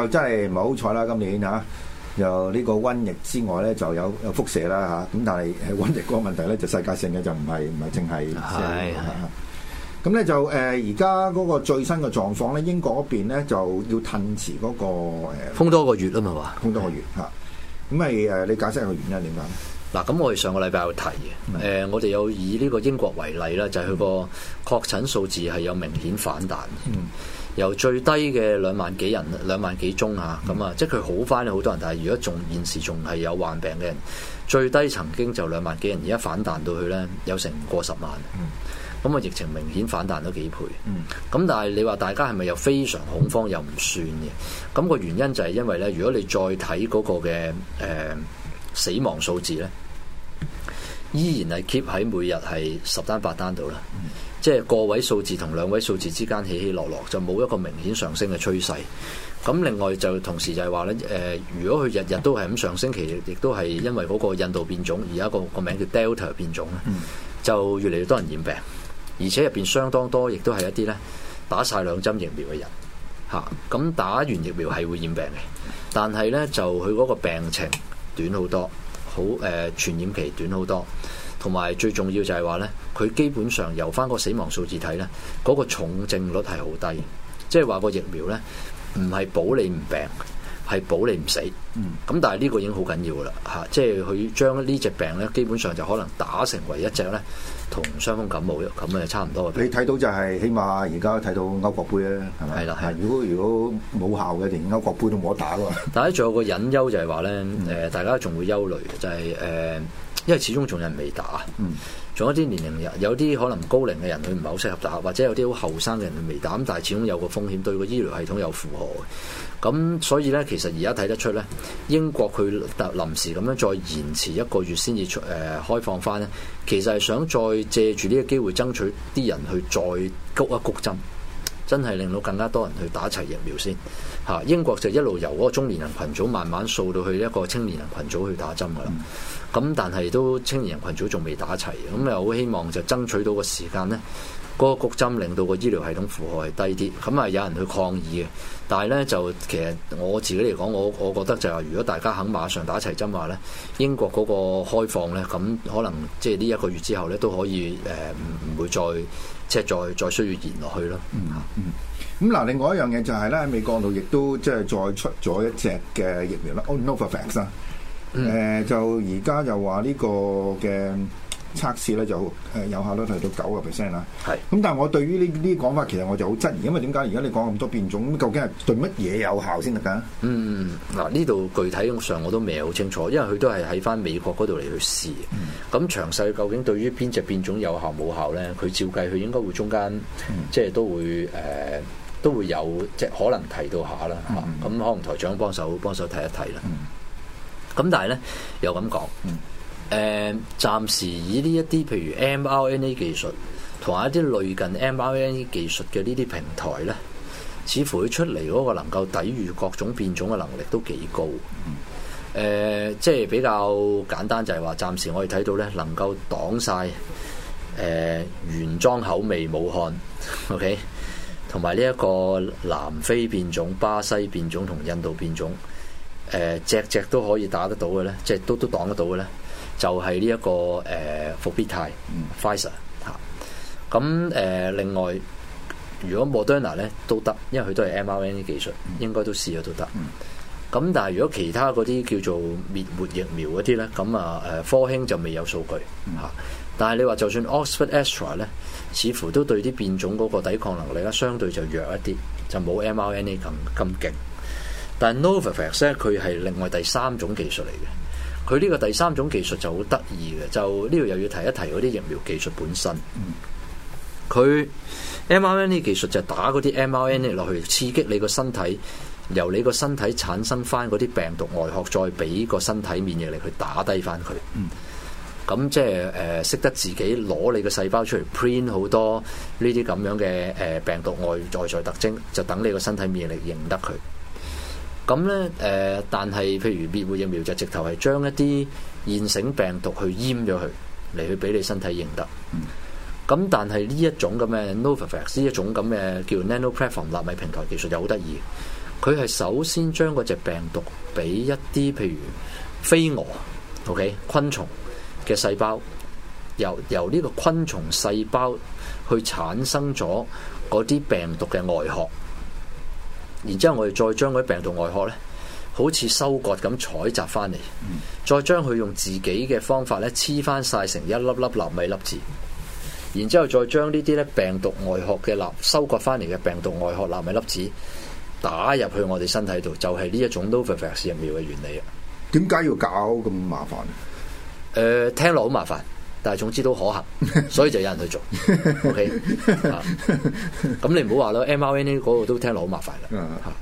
就真係唔係好彩啦！今年嚇、啊，又呢個瘟疫之外咧，就有有輻射啦嚇。咁、啊、但係瘟疫個問題咧，就世界性嘅就唔係唔係淨係。係係。咁咧是、啊、就誒，而家嗰個最新嘅狀況咧，英國嗰邊咧就要褪遲嗰、那個誒，封、呃、多個月啦嘛，封多個月嚇。咁咪誒，你解釋下原因點解？嗱，咁我哋上個禮拜有提嘅，誒、嗯呃，我哋有以呢個英國為例啦，就係、佢、個確診數字係有明顯反彈。嗯嗯由最低嘅兩萬幾人，兩萬幾宗啊，咁、嗯、啊、嗯，即係佢好返好多人。但係如果仲現時仲係有患病嘅人，最低曾經就兩萬幾人，而家反彈到去呢，有成過十萬。嗯，咁啊，疫情明顯反彈咗幾倍。嗯，咁但係你話大家係咪又非常恐慌又唔算嘅？咁個原因就係因為呢，如果你再睇嗰個嘅、誒、呃、死亡數字呢，依然係 keep 喺每日係十單八單度啦。嗯即係個位數字同兩位數字之間起起落落，就冇一個明顯上升嘅趨勢。咁另外就同時就係話咧，誒、呃，如果佢日日都係咁上升，其實亦都係因為嗰個印度變種而家、嗰個個名叫 Delta 變種咧，嗯、就越嚟越多人染病，而且入邊相當多，亦都係一啲咧打晒兩針疫苗嘅人嚇。咁、啊、打完疫苗係會染病嘅，但係咧就佢嗰個病情短好多，好誒、呃、傳染期短好多。同埋最重要就係話咧，佢基本上由翻個死亡數字睇咧，嗰、那個重症率係好低，即係話個疫苗咧唔係保你唔病，係保你唔死。咁但係呢個已經好緊要噶啦，嚇、啊！即係佢將呢隻病咧，基本上就可能打成為一隻咧，同傷風感冒咁啊差唔多。你睇到就係、是、起碼而家睇到歐國杯咧，係咪？係啦，係。如果如果冇效嘅，連歐國杯都冇得打喎。 但係仲有個隱憂就係話咧，誒、呃、大家仲會憂慮就係、是、誒。呃因為始終仲有人未打，仲有啲年齡人，有啲可能高齡嘅人佢唔係好適合打，或者有啲好後生嘅人佢未打，咁但係始終有個風險對個醫療系統有負荷嘅。咁所以呢，其實而家睇得出呢，英國佢臨時咁樣再延遲一個月先至誒開放翻呢，其實係想再借住呢個機會爭取啲人去再谷一谷針。真係令到更加多人去打齊疫苗先吓，英國就一路由嗰個中年人群組慢慢掃到去一個青年人群組去打針㗎啦。咁、嗯、但係都青年人群組仲未打齊，咁又好希望就爭取到個時間呢，嗰、嗰個谷針令到個醫療系統負荷係低啲。咁啊有人去抗議嘅，但係呢，就其實我自己嚟講，我我覺得就係如果大家肯馬上打齊針話呢，英國嗰個開放呢，咁可能即係呢一個月之後呢，都可以誒唔唔會再。即係再再需要延落去咯，嗯。嗯嗯，咁嗱，另外一樣嘢就係咧，美國度亦都即係再出咗一隻嘅疫苗啦。Novavax，啊，嗯，呃，就而家又話呢個嘅。測試咧就誒有效率提到九個 percent 啦。係。咁是但係我對於呢啲講法，其實我就好質疑，因為點解而家你講咁多變種？究竟係對乜嘢有效先得㗎？嗯，嗱，呢度具體上我都未好清楚，因為佢都係喺返美國嗰度嚟去試。咁、嗯、詳細究竟對於邊隻變種有效冇效咧？佢照計佢應該會中間，嗯、即係都會誒、呃、都會有，即係可能提到下啦。咁、嗯啊、可能台長幫手幫手睇一睇啦。咁、嗯、但係咧又咁講。誒、uh, 暫時以呢一啲譬如 mRNA 技術，同埋一啲類近 mRNA 技術嘅呢啲平台呢，似乎佢出嚟嗰個能夠抵禦各種變種嘅能力都幾高。Uh, 即係比較簡單就，就係話暫時我哋睇到呢，能夠擋晒誒、呃、原裝口味武漢，OK，同埋呢一個南非變種、巴西變種同印度變種，誒、呃、隻隻都可以打得到嘅呢，即係都都擋得到嘅呢。就係呢一個誒伏、呃、必泰，Pfizer 咁，誒另外，如果 Moderna 咧都得，因為佢都係 mRNA 技術，mm. 應該都試咗都得。咁、mm. 但係如果其他嗰啲叫做滅活疫苗嗰啲咧，咁啊誒科興就未有數據嚇、啊。但係你話就算 Oxford Astra 咧，似乎都對啲變種嗰個抵抗能力而家相對就弱一啲，就冇 mRNA 咁咁勁。但 Novavax 咧，佢係另外第三種技術嚟嘅。佢呢個第三種技術就好得意嘅，就呢度又要提一提嗰啲疫苗技術本身。佢 mRNA 呢技術就打嗰啲 mRNA 落去，刺激你個身體，由你個身體產生返嗰啲病毒外殼，再俾個身體免疫力去打低返佢。嗯，咁即係誒識得自己攞你個細胞出嚟 print 好多呢啲咁樣嘅誒、呃、病毒外在在特徵，就等你個身體免疫力認得佢。咁咧，誒、呃，但係譬如滅活疫苗就直頭係將一啲現成病毒去閹咗佢，嚟去俾你身體認得。咁、嗯，但係呢一種咁嘅 Novavax，一種咁嘅叫 Nano Platform 納米平台技術就好得意。佢係首先將嗰隻病毒俾一啲譬如飛蛾，OK，昆蟲嘅細胞，由由呢個昆蟲細胞去產生咗嗰啲病毒嘅外殼。然之後我哋再將嗰啲病毒外殼咧，好似收割咁採集翻嚟，再將佢用自己嘅方法咧黐翻晒成一粒粒納米粒子。然之後再將呢啲咧病毒外殼嘅納收割翻嚟嘅病毒外殼納米粒子打入去我哋身體度，就係呢一種 Novavax 疫苗嘅原理啊！點解要搞咁麻煩？誒、呃，聽落好麻煩。但係總之都可行，所以就有人去做。O K，咁你唔好話咯，mRNA 嗰個都聽落好麻煩啦。Mm hmm.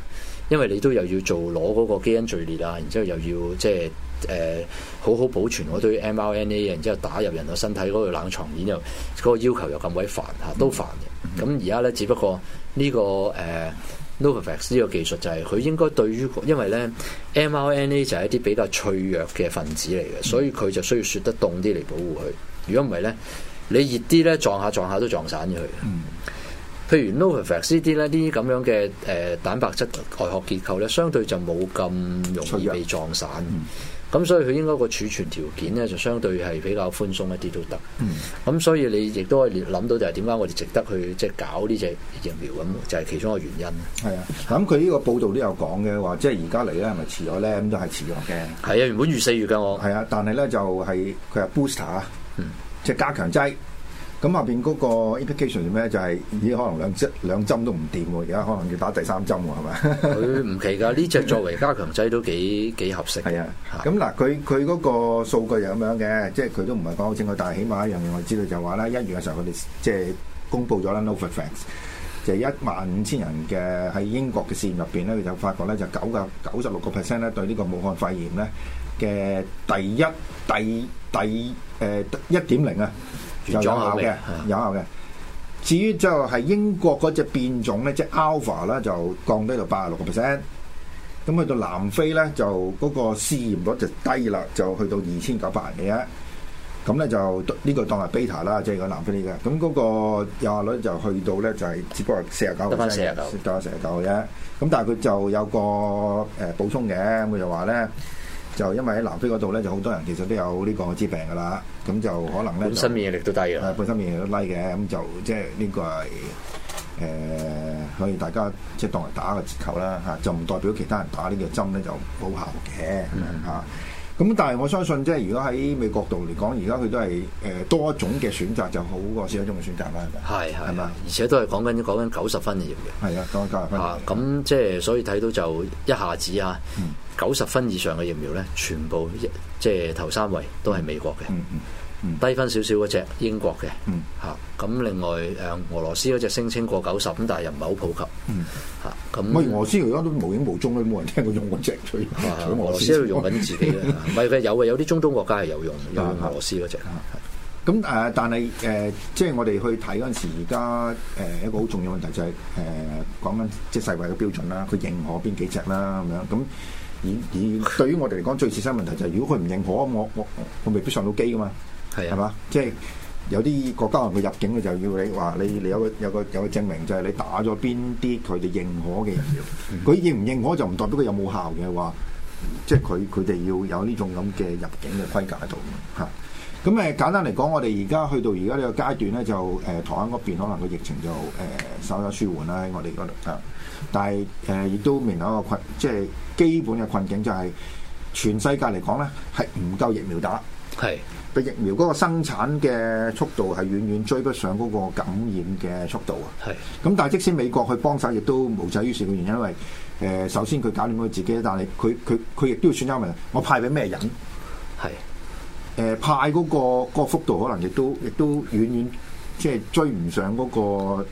因為你都又要做攞嗰個基因序列啊，然之後又要即係誒、呃、好好保存我堆 mRNA，然之後打入人個身體嗰個冷藏鏈，然又後嗰個要求又咁鬼煩嚇，都煩嘅。咁而家咧，只不過呢、這個誒、呃、Novavax 呢個技術就係、是、佢應該對於，因為咧 mRNA 就係一啲比較脆弱嘅分子嚟嘅，所以佢就需要雪得凍啲嚟保護佢。如果唔係咧，你熱啲咧撞下撞下都撞散咗佢。嗯，譬如 Novavax 呢啲咧，啲咁樣嘅誒蛋白質外殼結構咧，相對就冇咁容易被撞散。嗯，咁所以佢應該個儲存條件咧就相對係比較寬鬆一啲都得。嗯，咁所以你亦都可以諗到就係點解我哋值得去即係、就是、搞呢隻疫苗咁，就係、是、其中一個原因。係啊，咁佢呢個報道都有講嘅話，即係而家嚟咧係咪遲咗咧？咁都係遲咗嘅。係啊，原本預四月㗎我。係啊，但係咧就係、是、佢係 booster 啊。嗯，即係加強劑，咁下邊嗰個 implication 係咩咧？就係依啲可能兩針兩針都唔掂喎，而家可能要打第三針喎，係咪？佢唔奇噶，呢隻作為加強劑都幾幾合適嘅。係啊，咁嗱，佢佢嗰個數據又咁樣嘅，即係佢都唔係講好清楚，但係起碼一樣嘢我知嘅就話咧，一月嘅時候佢哋即係公佈咗啦，Novavax 就一萬五千人嘅喺英國嘅試驗入邊咧，佢就發覺咧就九個九十六個 percent 咧對呢個武漢肺炎咧。嘅第一、第、第、誒一點零啊，就有效嘅，有效嘅。至於就係英國嗰隻變種咧，即係 Alpha 咧，就降低到八十六個 percent。咁去到南非咧，就嗰個試驗率就低啦，就去到二千九百人嘅。咁咧就呢個當係 Beta 啦，即係講南非依家。咁嗰個有效率就去到咧，就係只不過四十九個 percent，四啊四十九啊啫。咁四十九。四十九。但係佢就有個誒補充嘅，咁佢就話咧。就因為喺南非嗰度咧，就好多人其實都有呢個支病噶啦，咁就可能咧，本身免疫力都低，嘅。本身免疫力都低嘅，咁就即係呢個係誒、呃，可以大家即係當係打個折扣啦嚇，就唔代表其他人打呢、呢個針咧就冇效嘅咁、嗯嗯咁但係我相信，即係如果喺美國度嚟講，而家佢都係誒、呃、多種嘅選擇就好過少一種嘅選擇啦。係係嘛，係係，係咪？而且都係講緊講緊九十分嘅疫，疫苗。係啊，講緊九十分。嚇咁即係所以睇到就一下子嚇，九十分以上嘅疫苗咧，全部即係頭三位都係美國嘅、嗯。嗯嗯。低分少少嗰隻英國嘅，吓咁、嗯啊、另外誒俄羅斯嗰隻聲稱過九十咁，但係又唔係好普及，吓咁、嗯。喂、啊，俄羅斯而家都無影無蹤都冇人聽過用嗰隻，所、啊、俄羅斯喺度用緊自己嘅。唔係有啊，有啲中東國家係有用，有用俄羅斯嗰隻。咁誒，但係誒、呃，即係我哋去睇嗰陣時，而家誒一個好重要問題就係誒講緊即係世衛嘅標準啦，佢認可邊幾隻啦咁樣。咁以以，以，以，以對於我哋嚟講，最切身問題就係、是、如果佢唔認可，認可 我我我未必上到機噶嘛。係係嘛？即係有啲國家人嘅入境咧，就要你話你你有個有個有個證明，就係你打咗邊啲佢哋認可嘅疫苗。佢認唔認可就唔代表佢有冇效嘅話，即係佢佢哋要有呢種咁嘅入境嘅規格喺度。嚇！咁、嗯、誒簡單嚟講，我哋而家去到而家呢個階段咧，就誒、呃、台灣嗰邊可能個疫情就誒、呃、稍有舒緩啦，我哋嗰度啊。但係誒亦都面臨一個困，即係基本嘅困境就係全世界嚟講咧係唔夠疫苗打。係。疫苗嗰個生產嘅速度係遠遠追不上嗰個感染嘅速度啊！係，咁但係即使美國去幫手，亦都無濟於事嘅原因，因為誒、呃、首先佢搞掂佢自己，但係佢佢佢亦都要選擇問我派俾咩人？係、誒、呃、派嗰個個幅度可能亦都亦都遠遠即係追唔上嗰個、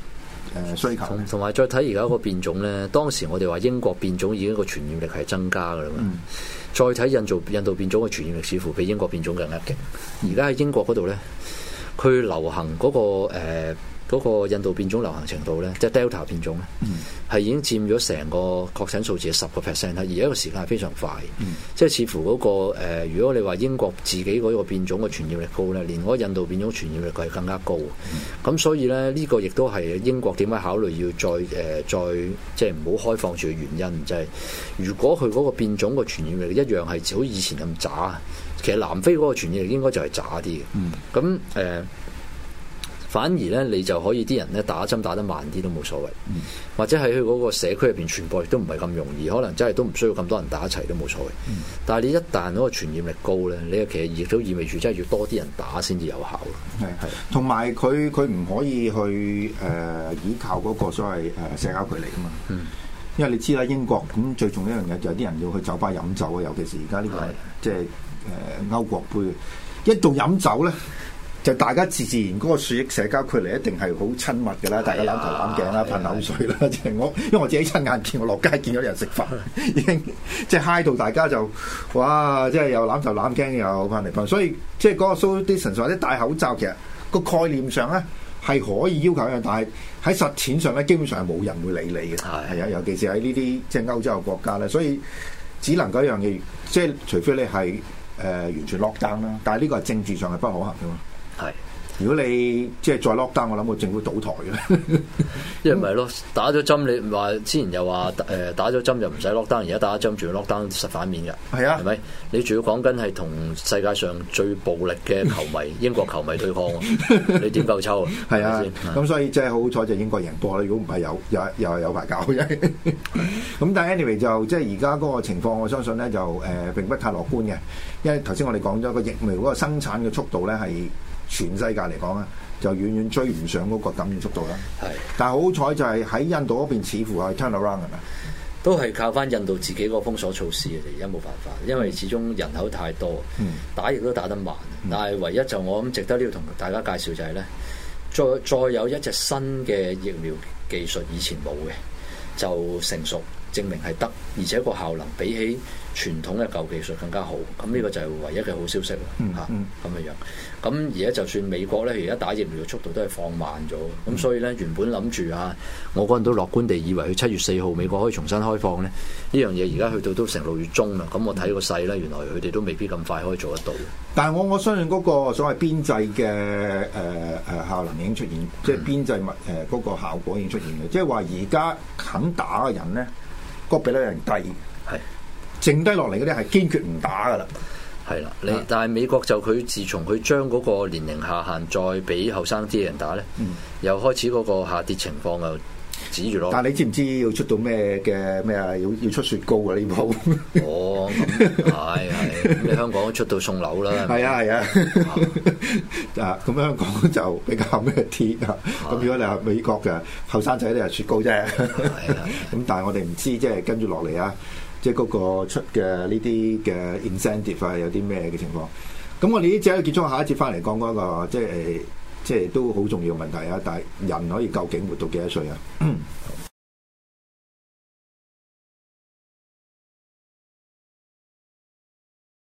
呃、需求。同埋再睇而家個變種咧，當時我哋話英國變種已經個傳染力係增加噶啦嘛。嗯。再睇印度印度變種嘅傳染力，似乎比英國變種更加勁。而家喺英國嗰度呢，佢流行嗰、嗰個、呃嗰個印度變種流行程度咧，即係 Delta 變種咧，係、嗯、已經佔咗成個確診數字嘅十個 percent 啦。而呢個時間係非常快，即係、嗯、似乎嗰、那個、呃、如果你話英國自己嗰個變種嘅傳染力高咧，連嗰個印度變種傳染力係更加高。咁、嗯、所以咧，呢、這個亦都係英國點解考慮要再誒、呃、再即係唔好開放住嘅原因，就係、是、如果佢嗰個變種嘅傳染力一樣係好似以前咁渣，其實南非嗰個傳染力應該就係渣啲嘅。咁誒、嗯。嗯嗯呃反而咧，你就可以啲人咧打針打得慢啲都冇所謂，嗯、或者喺佢嗰個社區入邊傳播亦都唔係咁容易，可能真係都唔需要咁多人打一齊都冇所謂。嗯、但係你一旦嗰個傳染力高咧，你又其實亦都意味住真係要多啲人打先至有效咯。係係，同埋佢佢唔可以去誒、呃、依靠嗰個所謂誒社交距離㗎嘛。嗯、因為你知啦，英國咁最重要一樣嘢就係啲人要去酒吧飲酒啊，尤其是而家呢個即係誒歐國杯一到飲酒咧。就大家自自然嗰、那個樹葉社交距離一定係好親密嘅啦，哎、呀大家攬頭攬頸啦，噴口水啦，即係我因為我自己親眼見，我落街見到人食飯， 已經即係嗨到大家就哇！即係又攬頭攬頸，又噴嚟噴，所以即係嗰個 social distance 或者戴口罩，其實個概念上咧係可以要求一樣，但係喺實踐上咧基本上係冇人會理你嘅。係係啊，尤其是喺呢啲即係歐洲嘅國家咧，所以只能夠一樣嘢，即係除非你係誒完全落單啦，但係呢個係政治上係不可行嘅嘛。係，是如果你即係再 lock down，我諗會政府倒台嘅，因為唔係咯，打咗針你話之前又話誒、呃、打咗針就唔使 lock down，而家打咗針仲要 lock down 實反面嘅，係啊，係咪？你仲要講緊係同世界上最暴力嘅球迷， 英國球迷對抗，你點夠抽 啊？係啊吧，咁所以即係好彩就，就英國贏波啦。如果唔係有又又係有排搞嘅。咁 但係 anyway 就即係而家嗰個情況，我相信咧就誒、呃呃，並不太樂觀嘅，因為頭先我哋講咗個疫苗嗰個生產嘅速度咧係。全世界嚟講咧，就遠遠追唔上嗰個感染速度啦。係是，但係好彩就係喺印度嗰邊，似乎係 turn around 㗎，都係靠翻印度自己個封鎖措施嚟，而家冇辦法，因為始終人口太多，嗯、打疫都打得慢。嗯、但係唯一就我諗值得呢度同大家介紹就係、是、咧，再再有一隻新嘅疫苗技術，以前冇嘅就成熟，證明係得，而且個效能比起，傳統嘅舊技術更加好，咁呢個就係唯一嘅好消息啦嚇，咁嘅、嗯嗯啊、樣。咁而家就算美國咧，而家打疫苗嘅速度都係放慢咗，咁所以咧，原本諗住啊，我嗰陣都樂觀地以為佢七月四號美國可以重新開放咧，呢樣嘢而家去到都成六月中啦，咁我睇個勢咧，原來佢哋都未必咁快可以做得到。但係我我相信嗰個所謂邊際嘅誒誒效能已經出現，即係邊際物誒嗰個效果已經出現嘅，嗯、即係話而家肯打嘅人咧、嗰個比例係低，係。剩低落嚟嗰啲係堅決唔打噶啦，係啦，你但係美國就佢自從佢將嗰個年齡下限再俾後生啲嘅人打咧，嗯，又開始嗰個下跌情況又止住咯。但係你知唔知要出到咩嘅咩啊？要要出雪糕啊？呢鋪 哦，係係咁，是是你香港出到送樓啦，係啊係啊，啊咁香港就比較咩啲啊？咁如果你話美國嘅後生仔咧雪糕啫，咁但係我哋唔知即係跟住落嚟啊。 即係嗰個出嘅呢啲嘅 incentive 啊，有啲咩嘅情況？咁我哋呢節要結束，下一節翻嚟講嗰個即係即係都好重要問題啊！但係人可以究竟活到幾多歲啊？